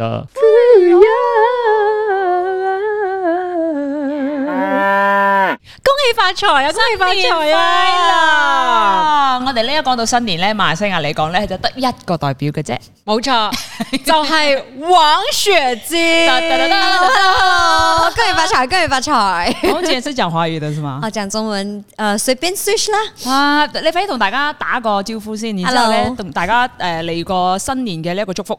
啊、恭喜發財、啊，有新年發財啦！啊啊、我哋呢一講到新年咧，馬來西亞嚟講咧，就得一個代表嘅啫，冇錯錯， 就係王雪晶。Hello，恭喜發財，恭喜發財！我們今日係講華語的，係咪？啊，講中文，誒、呃，隨便 switch 啦。你快啲同大家打個招呼先，啊、然後咧同大家誒嚟、呃、個新年嘅呢一個祝福。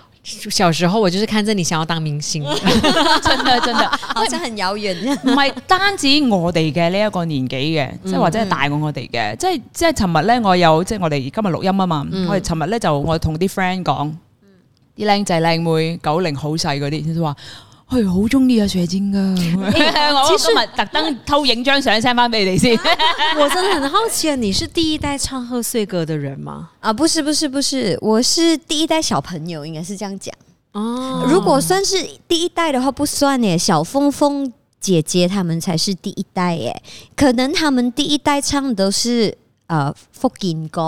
小時候我就是看着你想要當明星，真的 真的，好似很遙遠。唔係單止我哋嘅呢一個年紀嘅，即係、嗯、或者係大過我哋嘅，即係即係尋日咧，我有即係我哋今日錄音啊嘛，嗯、我哋尋日咧就我同啲 friend 講，啲靚仔靚妹九零好細嗰啲，佢話。我好中意阿雪晶噶，我今日特登偷影張相 send 翻俾你先。啊、我真的很好奇啊，你是第一代唱賀歲歌的人嗎？啊，不是，不是，不是，我是第一代小朋友，應該是這樣講。哦，如果算是第一代的話，不算咧，小鳳鳳姐姐他們才是第一代誒。可能他們第一代唱都是啊、呃、福建歌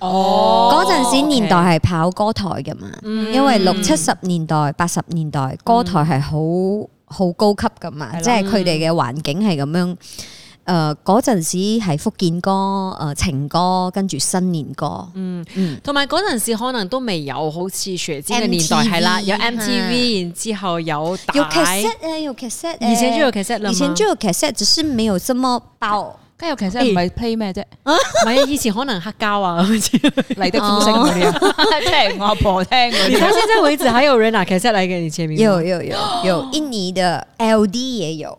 哦。陣時年代係跑歌台噶嘛，oh, okay. 因為六七十年代、八十年代歌台係好好高級噶嘛，嗯、即係佢哋嘅環境係咁樣。誒、呃，嗰陣時係福建歌、誒、呃、情歌，跟住新年歌。嗯嗯，同埋嗰陣時可能都未有好似薛之嘅年代係 MTV, 啦，有 MTV，、啊、然之後有有 cassette 誒，有、啊、s e t t 而且都有 cassette 啦，有 cassette 只是沒有咁多包。咁又其實唔係 play 咩啫，唔係、欸、啊，啊以前可能黑膠啊，好似《嚟得風聲》嗰啲啊，即係、哦、我阿婆聽嗰啲。 到現在為止，還有人拿 kerset 來給你簽名有？有有有有，印尼的 LD 也有。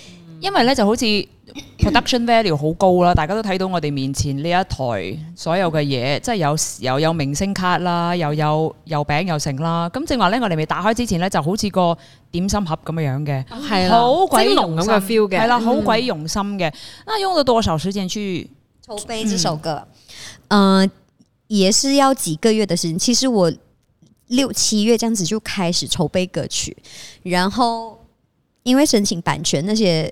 因為咧就好似 production value 好高啦，大家都睇到我哋面前呢一台所有嘅嘢，嗯、即係有又有明星卡啦，又有又餅又成啦。咁正話咧，我哋未打開之前咧，就好似個點心盒咁嘅樣嘅，啊、啦好鬼濃咁嘅 feel 嘅，係啦，好鬼用心嘅。那、嗯啊、用了多少時間去籌備這首歌？嗯、呃，也是要幾個月嘅時間。其實我六七月這樣子就開始籌備歌曲，然後因為申請版權那些。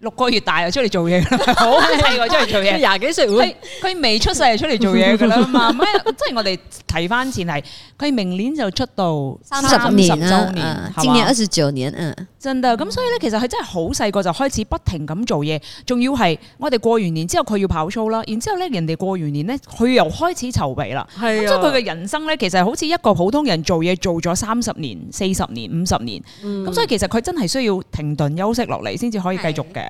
六個月大就出嚟做嘢啦，好細個出嚟做嘢，廿幾歲佢未出世就出嚟做嘢噶啦嘛，即係我哋提翻前係佢明年就出道三十年啊，今年二十九年，真噶，咁所以咧其實佢真係好細個就開始不停咁做嘢，仲要係我哋過完年之後佢要跑 show 啦，然之後咧人哋過完年咧佢又開始籌備啦，即係佢嘅人生咧其實好似一個普通人做嘢做咗三十年、四十年、五十年，咁所以其實佢真係需要停頓休息落嚟先至可以繼續嘅。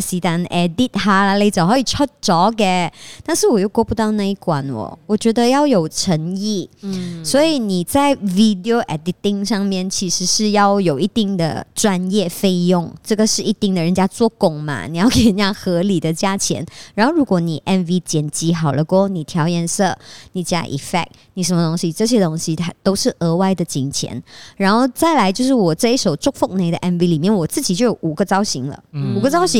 是但、啊、edit 下、啊、啦，呢種可以出咗嘅。但是我又過不到那一關、哦，我我覺得要有誠意。嗯，所以你在 video editing 上面其實是要有一定的專業費用，這個是一定的，人家做工嘛，你要給人家合理的價錢。然後如果你 MV 剪輯好了過，你調顏色，你加 effect，你什麼東西，這些東西它都是額外的金錢。然後再來就是我這一首祝福你的 MV 裏面，我自己就有五個造型了，嗯、五個造型。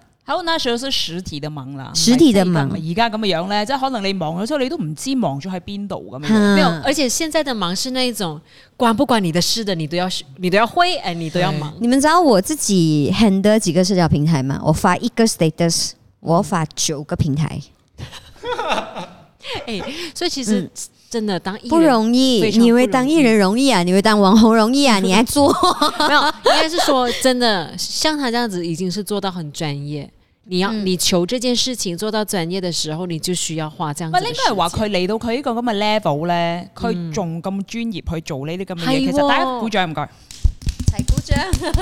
好，那時候是實體的忙啦，這個、實體的忙。而家咁嘅樣咧，即係可能你忙咗之後，你都唔知忙咗喺邊度咁樣。嗯、沒有，而且現在的忙是那一種關不關你的事的，你都要你都要會，誒，對你都要忙。你們知道我自己 handle 幾個社交平台嘛？我發一個 status，我發九個平台。誒、 欸，所以其實。嗯真的當藝人不容易，你以為當藝人容易啊？你以為當網紅容易啊？你還做？沒有，應該是說真的，像他這樣子已經是做到很專業。你要你求這件事情做到專業的時候，你就需要花這樣子。不，應該係話佢嚟到佢呢個咁嘅 level 咧，佢仲咁專業去做呢啲咁嘅嘢。其實大家鼓掌，唔該。齊鼓掌，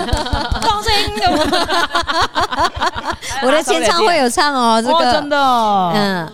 掌聲！我的簽唱會有唱哦，這個真的，嗯。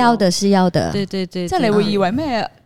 要的是要的，對對對，即係你會以為咩？嗯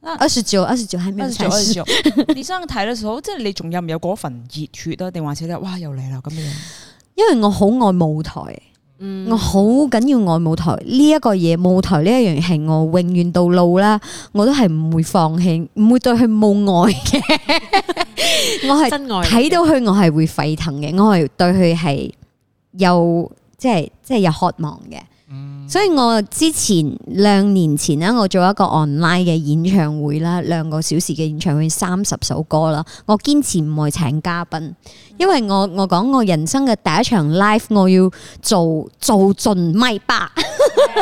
啊！阿雪照，阿雪照生睇嘅時候，即係你仲有唔有嗰份熱血啊？定或者得：「哇！又嚟啦咁樣。因為我好愛舞台，嗯、我好緊要愛舞台呢一個嘢，舞台呢一樣係我永遠到老啦，我都係唔會放棄，唔會對佢冇愛嘅。我係真愛。睇到佢，我係會沸騰嘅，我係對佢係又即係即係有渴望嘅。所以我之前兩年前呢，我做一個 online 嘅演唱會啦，兩個小時嘅演唱會，三十首歌啦，我堅持唔會請嘉賓，因為我我講我人生嘅第一場 live，我要做做準麥霸，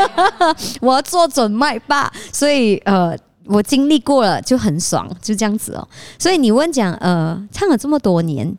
我要做準麥霸，所以呃我經歷過了就很爽，就這樣子哦。所以你問講誒、呃，唱咗這麼多年。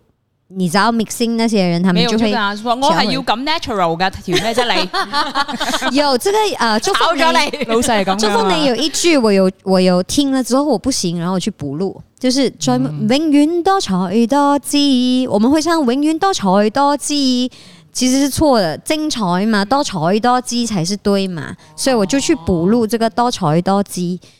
你找 mixing 那些人，他們就會我係要咁 natural 噶條咩啫？你有 這個啊，祝福咗你，老細係咁樣。祝福你有一句我有我有聽了之後我不行，然後我去補錄，就是。嗯、永遠多才多姿，我們會唱永遠多才多姿，其實是錯的，精彩嘛，多彩多姿才是對嘛，所以我就去補錄這個多彩多姿。哦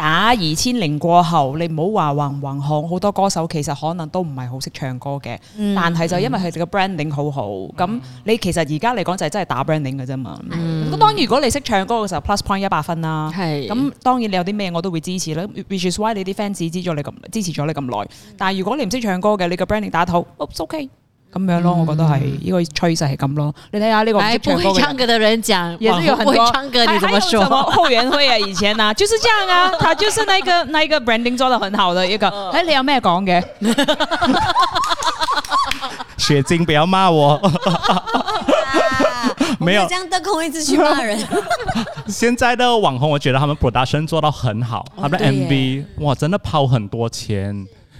打二千零過後，你唔好話橫唔橫行，好多歌手其實可能都唔係好識唱歌嘅，嗯、但係就因為佢哋嘅 branding 好好，咁、嗯、你其實現在而家嚟講就係真係打 branding 嘅啫嘛。咁、嗯、當然如果你識唱歌嘅時候，plus point 一百分啦。咁、嗯、當然你有啲咩我都會支持啦 which is why 你啲 fans 支持咗你咁支持咗你咁耐。嗯、但如果你唔識唱歌嘅，你個 branding 打得好，ops ok。咁樣咯，我覺得係呢個趨勢係咁咯。你睇下呢個。哎不會唱歌的人講，也是有很會唱歌。你怎麼說？後援會啊，以前啊，就是這樣啊。他就是那個、那個 branding 做得很好的一個。誒，你有咩講嘅？雪晶，不要罵我。沒有，這樣得空一直去罵人。現在的網紅，我覺得他們 production 做到很好，他們的 MV，哇，真的拋很多錢。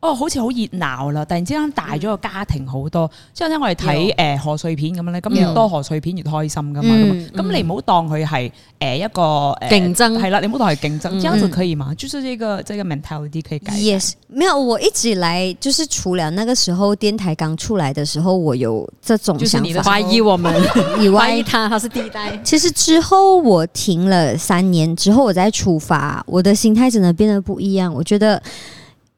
哦，好似好熱鬧啦！突然之間大咗個家庭好多，即後咧我哋睇誒賀歲片咁樣咧，咁越多賀歲片越開心噶嘛。咁你唔好當佢係誒一個競爭係啦，你唔好當係競爭，這樣子可以嘛？就是這個這個 mentality 可以改。Yes，沒有，我一直來就是除了那個時候電台剛出來的時候，我有這種想法懷疑我們，懷疑他他是第一代。其實之後我停了三年之後，我再出發，我的心態真的變得不一樣，我覺得。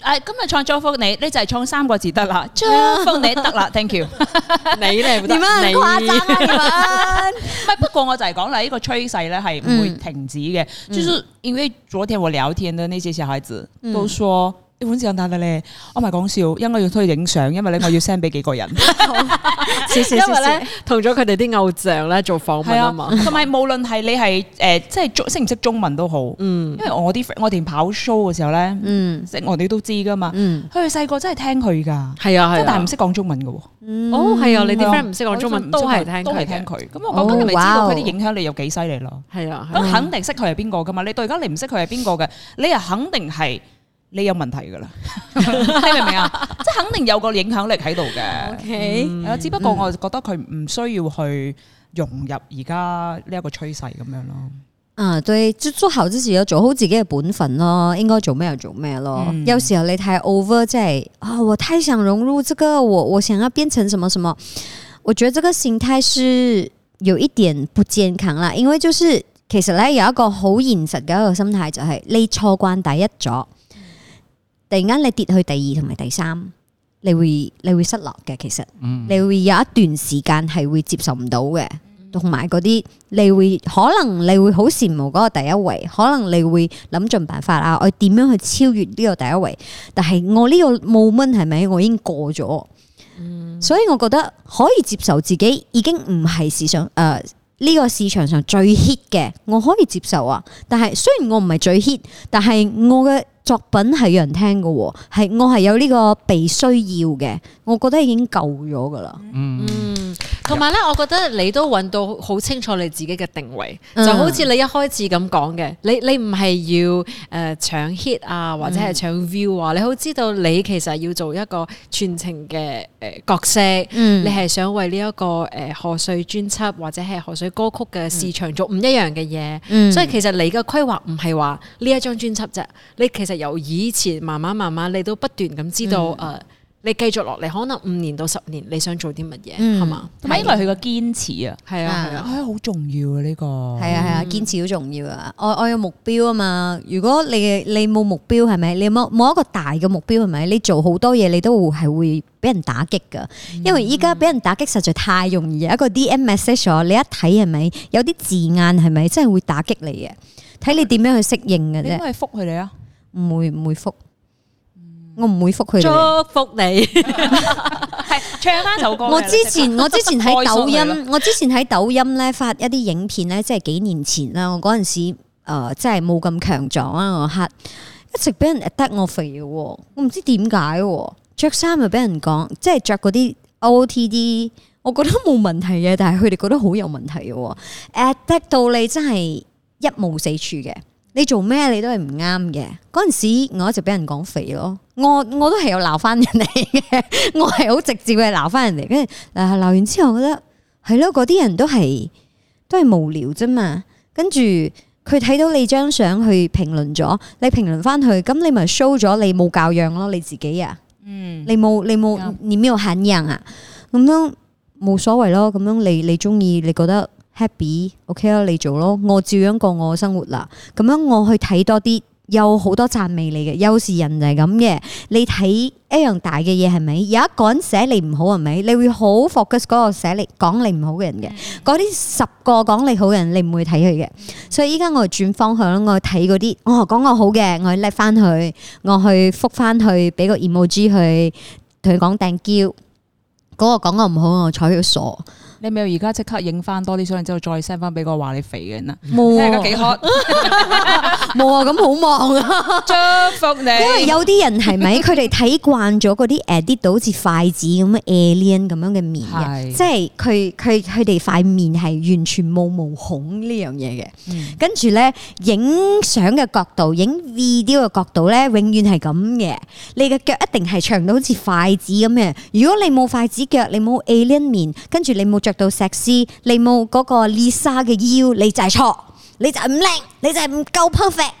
誒，今日唱祝福你，你就係唱三個字得啦，祝福你得啦，Thank you。 你咧點你誇張啊！唔係 們，不過我就係講啦，呢、這個趨勢咧係唔會停止嘅，嗯、就是因為昨天我聊天的呢些小孩子都說。嗯呢款事咁打咧，我唔係講笑，因為我要出去影相，因為咧我要 send 俾幾個人。是是是，同咗佢哋啲偶像咧做訪問啊嘛，同埋無論係你係誒，即係中識唔識中文都好，嗯，因為我啲我哋跑 show 嘅時候咧，嗯，識我哋都知噶嘛，嗯，佢細個真係聽佢噶，係啊，但係唔識講中文噶，哦，係啊，你啲 friend 唔識講中文，都係聽都係聽佢，咁我講緊你知道佢啲影響力有幾犀利咯，係啊，咁肯定識佢係邊個噶嘛，你到而家你唔識佢係邊個嘅，你又肯定係。你有問題噶啦， 聽明未明啊？即係肯定有個影響力喺度嘅。OK，只不過我就覺得佢唔需要去融入而家呢一個趨勢咁樣咯。啊，對，出頭之前要做好自己嘅本分咯，應該做咩就做咩咯。嗯、有時候你太 over 即、就、係、是、啊，我太想融入這個，我我想要變成什麼什麼，我覺得這個心態是有一點不健康啦。因為就是其實咧有一個好現實嘅一個心態就係你初關第一咗。突然間你跌去第二同埋第三，你會你會失落嘅。其實嗯嗯你會有一段時間係會接受唔到嘅，同埋嗰啲你會可能你會好羨慕嗰個第一位，可能你會諗盡辦法啊，我點樣去超越呢個第一位？但係我呢個 moment 係咪我已經過咗？嗯嗯所以我覺得可以接受自己已經唔係時尚誒。呃呢個市場上最 hit 嘅，我可以接受啊！但係雖然我唔係最 hit，但係我嘅作品係有人聽嘅喎，係我係有呢個被需要嘅，我覺得已經夠咗噶啦。嗯。嗯同埋咧，我覺得你都搵到好清楚你自己嘅定位，嗯、就好似你一開始咁講嘅，你你唔係要誒搶 hit 啊，或者係搶 view 啊，嗯、你好知道你其實要做一個全程嘅誒角色，嗯、你係想為呢一個誒賀歲專輯或者係賀歲歌曲嘅市場做唔一樣嘅嘢，嗯、所以其實你嘅規劃唔係話呢一張專輯啫，你其實由以前慢慢慢慢，你都不斷咁知道誒。嗯你繼續落嚟，可能五年到十年，你想做啲乜嘢係嘛？埋因為佢個堅持啊對對是啊，係啊係啊，哎好重要啊呢個，係啊係啊，堅、嗯、持好重要啊。我我有目標啊嘛。如果你你冇目標係咪？你冇冇一個大嘅目標係咪？你做好多嘢你都係會俾、嗯、人打擊噶。因為依家俾人打擊實在太容易，一個 DM message 你一睇係咪有啲字眼係咪真係會打擊你嘅？睇你點樣去適應嘅啫。應該係覆佢哋啊，唔會唔會覆。我唔會覆佢。祝福你，係唱翻首歌。我之前我之前喺抖音，我之前喺抖音咧發一啲影片咧，即係幾年前啦。我嗰陣時誒，即係冇咁強壯啦，我黑一直俾人 attack 我肥，我唔知點解着衫，又俾人講，即係着嗰啲 OOTD，我覺得冇問題嘅，但係佢哋覺得好有問題嘅，attack 到你真係一無是處嘅。你做咩你都係唔啱嘅？嗰陣時我一直俾人講肥咯，我我都係有鬧翻人哋嘅，我係好直接嘅鬧翻人哋。跟住嗱鬧完之後，我覺得係咯，嗰啲人都係都係無聊啫嘛。跟住佢睇到你張相去評論咗，你評論翻去，咁你咪 show 咗你冇教養咯，你自己啊，嗯，你冇你冇你冇涵養啊，咁樣冇所謂咯，咁樣你你中意你覺得？Happy，OK 啦，Happy? okay, 你做咯，我照樣過我嘅生活啦。咁樣我去睇多啲，有好多讚美你嘅，有時人就係咁嘅。你睇一樣大嘅嘢係咪？有一個人寫你唔好係咪？你會你你好 focus 嗰個寫你講你唔好嘅人嘅，嗰啲、嗯、十個講你好嘅人你唔會睇佢嘅。所以依家我轉方向，我睇嗰啲，哦，講我好嘅，我去 like 翻佢，我去覆翻去，俾個 emoji 去佢講訂嬌。嗰、那個講我唔好，我睬佢傻。你咪要而家即刻影翻多啲相，然之後再 send 翻俾個話你肥嘅人啦。冇、嗯，而家幾 hot？冇啊，咁好忙啊，祝福你！因為有啲人係咪佢哋睇慣咗嗰啲誒啲到好似筷子咁嘅 alien 咁樣嘅面，是的 即係佢佢佢哋塊面係完全冇毛孔的、嗯、呢樣嘢嘅。跟住咧影相嘅角度、影 video 嘅角度咧，永遠係咁嘅。你嘅腳一定係長到好似筷子咁嘅。如果你冇筷子腳，你冇 alien 面，跟住你冇着到 sexy，你冇嗰個 Lisa 嘅腰，你就係錯，你就係唔靚，你就係唔夠 perfect。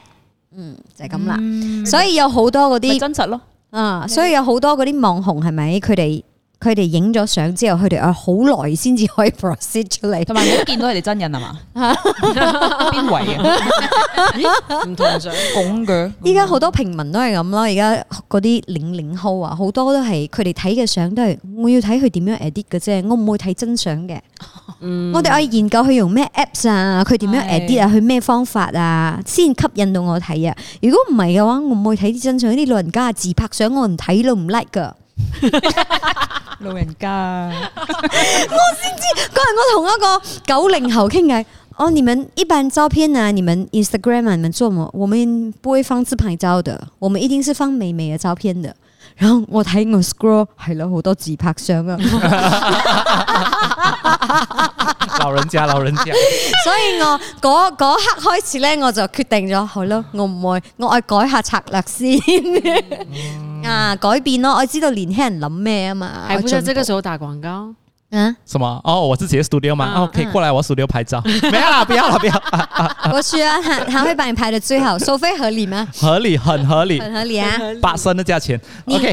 嗯，就係咁啦。所以有好多嗰啲真實咯。啊，所以有好多嗰啲網紅係咪？佢哋。佢哋影咗相之後，佢哋我好耐先至可以 process 出嚟，同埋我都見到佢哋真人係嘛？邊 位、啊？唔 同相講嘅。依家好多平民都係咁咯，而家嗰啲零零後啊，好多都係佢哋睇嘅相都係我要睇佢點樣 edit 嘅啫，我唔會睇真相嘅。嗯、我哋可以研究佢用咩 apps 啊，佢點樣 edit 啊，佢咩方法啊，先吸引到我睇啊。如果唔係嘅話，我唔會睇啲真相，啲老人家自拍相我唔睇都唔 like 噶。老 人家，啊 我，人我先知，嗰日我同一個九零後傾偈，我你們一般照片啊，你們 Instagram 啊，你們做乜？我們不會放自拍照的，我們一定是放美美的照片的。然後我睇我 scroll，睇到好多自拍相啊。 老人家，老人家， 所以我嗰刻開始咧，我就決定咗，好咯，我唔會，我要改下策略先。嗯嗯啊，改變咯！我知道年輕人諗咩啊嘛，還不唔係？這個時候打廣告，嗯，什麼？哦，我自己喺 studio 嘛，哦、嗯，可以、啊 okay，過來我 studio 拍照， 沒有啦，不要啦，不要！我需要，他他會把你拍得最好，收費合理嗎？合理，很合理，很合理啊，理八升的價錢，OK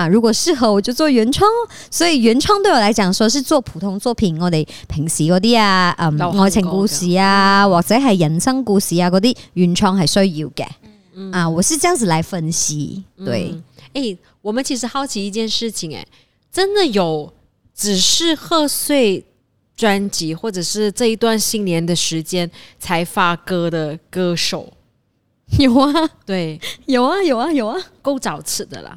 啊！如果適合我就做原創，所以原創對我來講，說是做普通作品，我哋平時嗰啲啊，嗯，后愛情故事啊，樣或者係人生故事啊嗰啲原創係需要嘅。嗯、啊，我是這樣子來分析。對，誒、嗯欸，我們其實好奇一件事情、欸，誒，真的有只是賀歲專輯，或者是這一段新年的時間才發歌的歌手，有啊，對，有啊，有啊，有啊，夠早出的啦。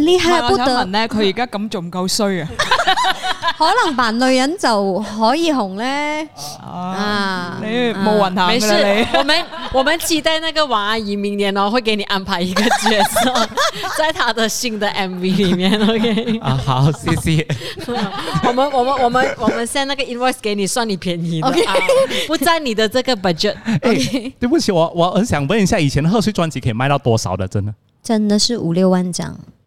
你係我不得問呢，問咧？佢而家咁仲唔夠衰啊！ 可能扮女人就可以紅咧啊！你冇問他，沒事。我們我們期待那個王阿姨明年哦，會給你安排一個角色，在她的新的 MV 裡面。O、okay? K 啊，好，謝謝 我。我們我們我們我們 send 那個 invoice 給你，算你便宜。O Okay? 不佔你的這個 budget、okay? 欸。對不起，我我很想問一下，以前賀歲專輯可以賣到多少的？真的，真的是五六萬張。